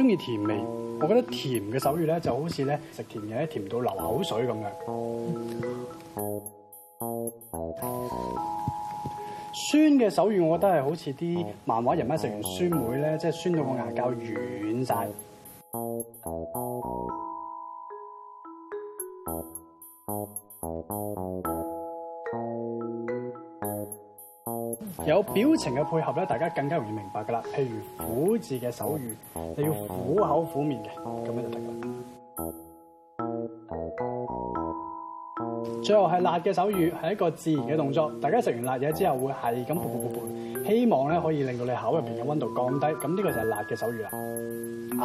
中意甜味，我覺得甜嘅手語咧就好似咧食甜嘢，甜到流口水咁樣。 酸嘅手語，我覺得係好似啲漫畫人物食完酸梅咧， 即係酸到個牙膠軟晒。 有表情嘅配合咧，大家更加容易明白噶啦。譬如苦字嘅手語，你要苦口苦面嘅，咁樣就得啦。最後係辣嘅手語，係一個自然嘅動作。大家食完辣嘢之後會係咁噗噗噗噗，希望咧可以令到你口入邊嘅溫度降低。咁呢個就係辣嘅手語啦。啊，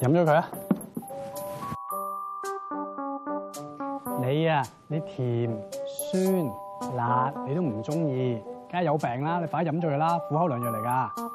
飲咗佢啊！你呀、啊，你甜酸辣你都唔中意，梗係有病啦！你快啲飲咗佢啦，苦口良藥嚟㗎。